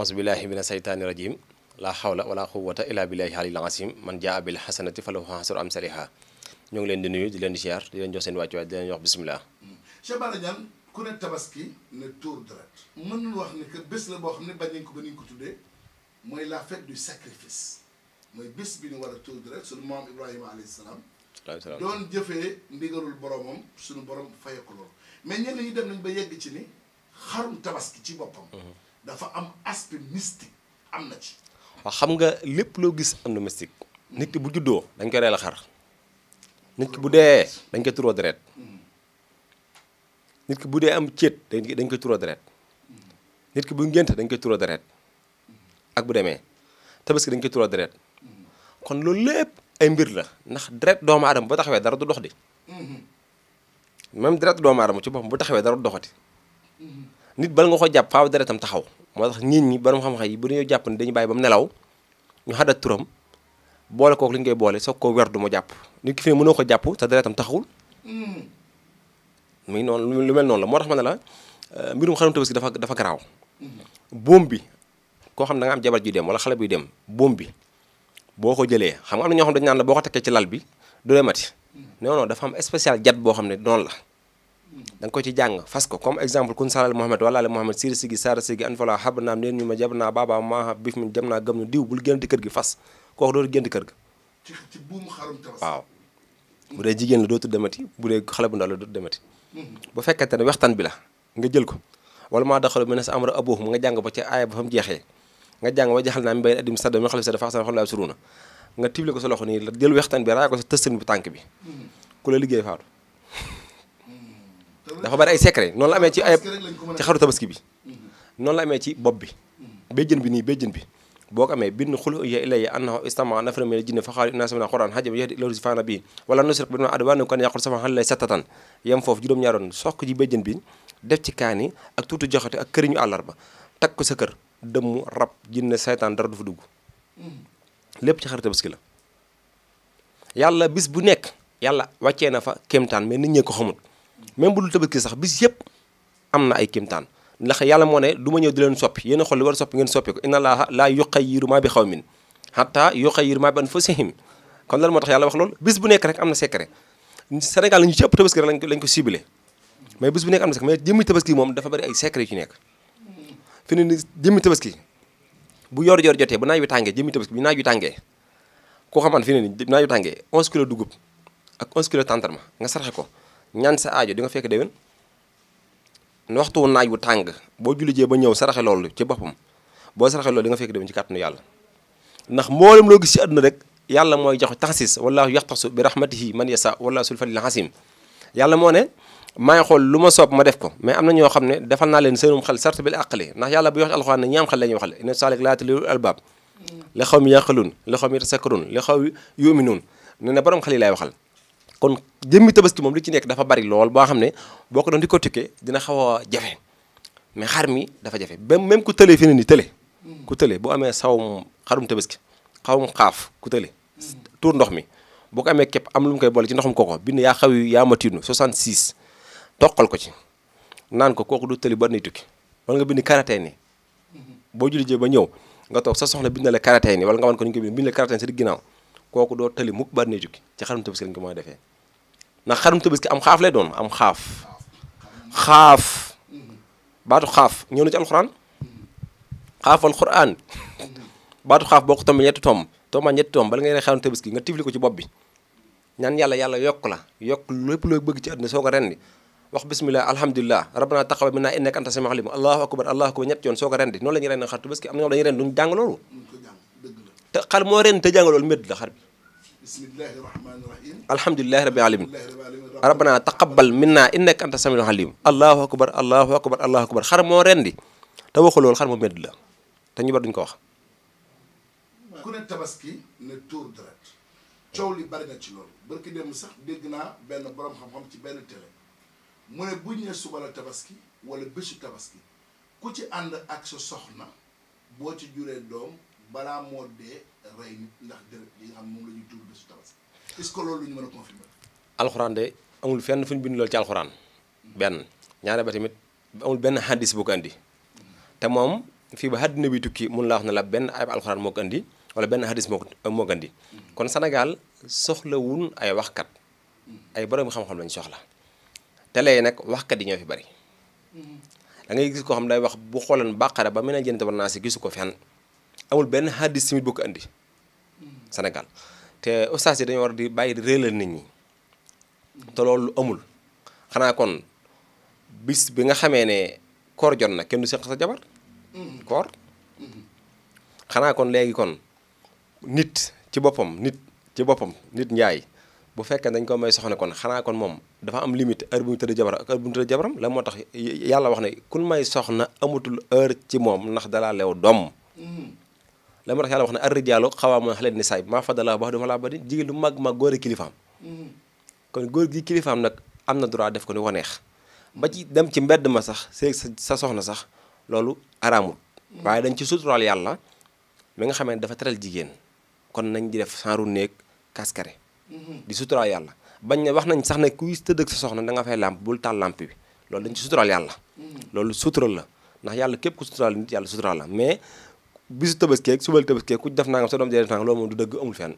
أعوذ بالله من الشيطان الرجيم la xawla wala quwwata illa billahi alil azim man jaa bil hasanati falahu asru amsaliha ñoo ngi leen di nuyu di leen di ziar di leen jox seen wàccuwaay di leen jox bismillah Cheikh Bara Niane ku ne tabaski ne tour deret mënul wax ni que bés la boo xam ne bañ nañ ko ba nañ ko tuddee mooy la fête du sacrifice mooy bés bi ñu war a tour deret suñu maam Ibrahima alayhi salaam doon jëfee ndigalul boromam suñu borom fayeku loolu mais ñenn ñi dem nañ ba yegg ci ni xarum tabaski ci boppam dafa am aspect xam nga lépp loo gis am na mystique. nit ki bu juddoo dañ koy rey la xar. nit ki bu dee dañ koy turoo deret nit ki bu dee am céet dañ koy turoo deret nit ki bu ngénte dañ koy turoo deret ak bu demee tabaski dañ koy turoo deret kon loolu lépp ay mbir la ndax deret doomu aadama bu taxawee dara du dox di même deret doomu aadama ci boppam bu taxawee dara du doxati nit bal nga ko japp faaw deretam taxaw mo tax nit ñi borom xam-xam yi bu ñu japp ni dañu bay bam nelaw ñu hada turam boole ak li ngay koy boole soog koo werdu ma japp nit ki fi mëno ko japp ta deretam taxawul mi hmm. non lu mel non la mo tax man la euh, mbirum xarum tabaski dafa dafa graw bom bi ko xam da nga am jabar ju dem wala xale bu dem bom bi boko jele xam nga am na ñoo xam dañ nan la boko takke ci lal bi du demati hmm. non non dafa am spécial jatt bo xamne non la da nga ko ci jàng fas ko comme exemple kun salal Muhammad wala ali Muhammad siri sigi saara sigi an fala xab naam neen ñu jab naa baaba maa bif mi jam naa gëm ñu diw bul génn kër gi fas kooku dootu génn di kër ga ci buum xarum waaw bu dee jigéen la dootu demati bu dee xale bu ndaw la dootu demati mhm. bu fekkente ne waxtaan bi la nga jël ko wala maa daxalu mi ne sa amra aboohum nga jàng ba ca aaya ba fa mu jeexee nga jàng ba jaxal naa mi bayn addim sadda mi xalif sadda faa sama xol laa suruna ko sa loxo nii jël waxtaan bi raaya ko sa tëstan bi bi mhm. ku la liggéey faatu dafa bari ay secret non la amé ci ay ci xaru tabaski bi non la amé ci bob bi béjjën bi ni béjjën bi boko amé bin khulu ya ilayya annahu istama nafra min jinn fa xaalu inna samina quran xajab yahdi ila rusfana bi wala nusir bi ma adwanu kan yaqul safa hal lay satatan yem foofu juróom-ñaaroon sox ko ci bi def ci kani ak tutu joxati ak këriñu àllarba tak ko sa kër dëmm rap jinn setan dara du fa dugg lépp ci xaru tabaski la yàlla bis bu nek yàlla wàccee na fa kemtan mais nit ñe ko xamul même bu dul tabaski sax bis yëpp am na ay kimtaan ndax yàlla moo ne du ma ñëw di leen soppi yéen a xool li war soppi ngeen soppi ko inna allaha laa yuxayyiru maa bi xawmin hatta yuxayyiru maa bi lan moo tax yàlla wax loolu bis bu nekk rek am na secret Sénégal ñu ci ëpp tabaski rek lañ ko ciblé mais bis bu nekk am na secret mais jëmmi tabaski moom dafa bari ay secret yu ci nekk fi ne ni jëmmi tabaski bu yor yor jotee bu naaj wi tàngee jëmmi tabaski bu naaj bi tàngee koo xam xamante fi ne ni naaj wi tàngee 11 dugub ak 11 kilo tantarma nga sarxe ko ñan sa aajo di nga fekk déwén waxtu naaj bu tàng boo julli jee ba ñëw saraxe loolu ci boppam boo saraxe loolu di nga fekk déwén ci kàttanu yàlla ndax mboolem loo gis ci àdduna rek yàlla mooy jox taxsis wallaahu yaxtasu bi rahmatihi man yasa wallaahu sul fadlil xasim yàlla moo ne may ngi xool lu ma soob ma def ko mais am na ñoo xam ne defal naa leen seenum xel sart bil àqli ndax yàlla bu wax alxuraan ne ñaam xel la ñuy waxale inna salik laa tulil albab li xaw mi yaqilun li xaw mi tasakkarun li xaw yuminuun ne ne borom xel yi lay waxal kon jëmmi tabaski moom li ci nekk dafa bari lool boo xam ne boo ko doon di ko tukkee dina xaw a jafe mais xar mi dafa jafe ba même ku tëlee fi ne ni tële ku tële boo amee sawum xarum tabaski xawum xaaf ku tële tuur ndox mi boo ko amee képp am lu mu koy boole ci ndoxum koko bind yaa xaw yu yaa matinu 66 toqal ko ci naan ko kooku du tëli ba nay tukki wala nga bind karatay ni boo julli jee ba ñëw nga toog sa soxna bind na la karatay ni wala nga wan ko ñu ko bind bind la karatay ni sa di ginnaaw kooku doo tëli mukk bari na jukki ci xarum tabaski lañ ko mooy defee ndax xarum tabaski am xaaf lay doon am xaaf xaaf baatu xaaf ñëw na ci alxuraan xaafal xuraan ko xarum tabaski nga tifli ko ci bopp bi la yokk lépp looy bëgg ci àdduna soo ko wax bismillah alhamdulilah rabbana taqabbal jàng loolu قال مورين تجعل المد لخرب بسم الله الرحمن الرحيم الحمد لله رب العالمين ربنا تقبل منا إنك أنت سميع الحليم الله أكبر الله أكبر الله أكبر خرب مورين دي تبو خلول خرب مد لا تاني بردين كوخ كون انت نتور درات تشاو لي بارنا تي لول بركي ديم صاح ديغنا بن بروم خام خام تي بن تيلي ولا بيشي تبسكي. كوتي اند أكسو سو سخنا بو جوري دوم balaa moo dee rey ndax dërët yi xam moom la tuur bésu tabaski est alxuraan de amul fenn fu ñu bind loolu ci alxuraan. benn ñaare ba tamit amul benn hadis bu ko andi. te moom fii ba àddina bi tukki mun laa wax ne la benn ayib alxuraan moo ko andi wala benn hadis moo ko moo kon senegal soxlawul ay waxkat. ay borom xam-xam lañ soxla. te yi nag waxkat yi ñoo fi bari. Mm-hmm. da ngay gis koo xam day wax bu xoolan bàqara ba mën a jënd war naa si gisu ko fenn. amul benn hadis simit boo ko andi senegal te ustaas yi dañoo war di bàyyi di réelal nit ñi te loolu amul xanaa kon bis bi nga xamee ne koor jot na kenn du seq sa jabar koor xanaa kon léegi kon nit ci boppam nit ci boppam nit njaay bu fekkee dañ ko may soxna kon xanaa kon moom dafa am limite heure bu mu tëdd jabar ak heure bu mu tëdd jabaram la moo tax yàlla wax na kun may soxna amatul heure ci moom ndax dalaa leew doom hmm. la moo tax yàlla wax ne ar-rijaalu qawwaamuuna ala nisaa maa faddala ba'dahum alaa ba'din jigéen lu mag mag góor a kilifaam mm-hmm. kon góor gi kilifaam nag am na droit def ko ni woneex ba ci dem ci mbedd ma sax seeg sa soxna sax loolu araamul mm-hmm. waaye dañ ci suturaal yàlla mi nga xamee dafa teral jigéen kon nañ di def sanru néeg kaskare mm-hmm. di suturaal yàlla bañ ne wax nañ sax ne kuy tëdd ak sa soxna da nga fay làmp bul taal làmp bi loolu dañ ci suturaal yàlla loolu sutural la ndax yàlla képp ku suturaal nit la mais bisu tabaski ak subal tabaski ku def nangam sa doom dee def du dëgg amul fenn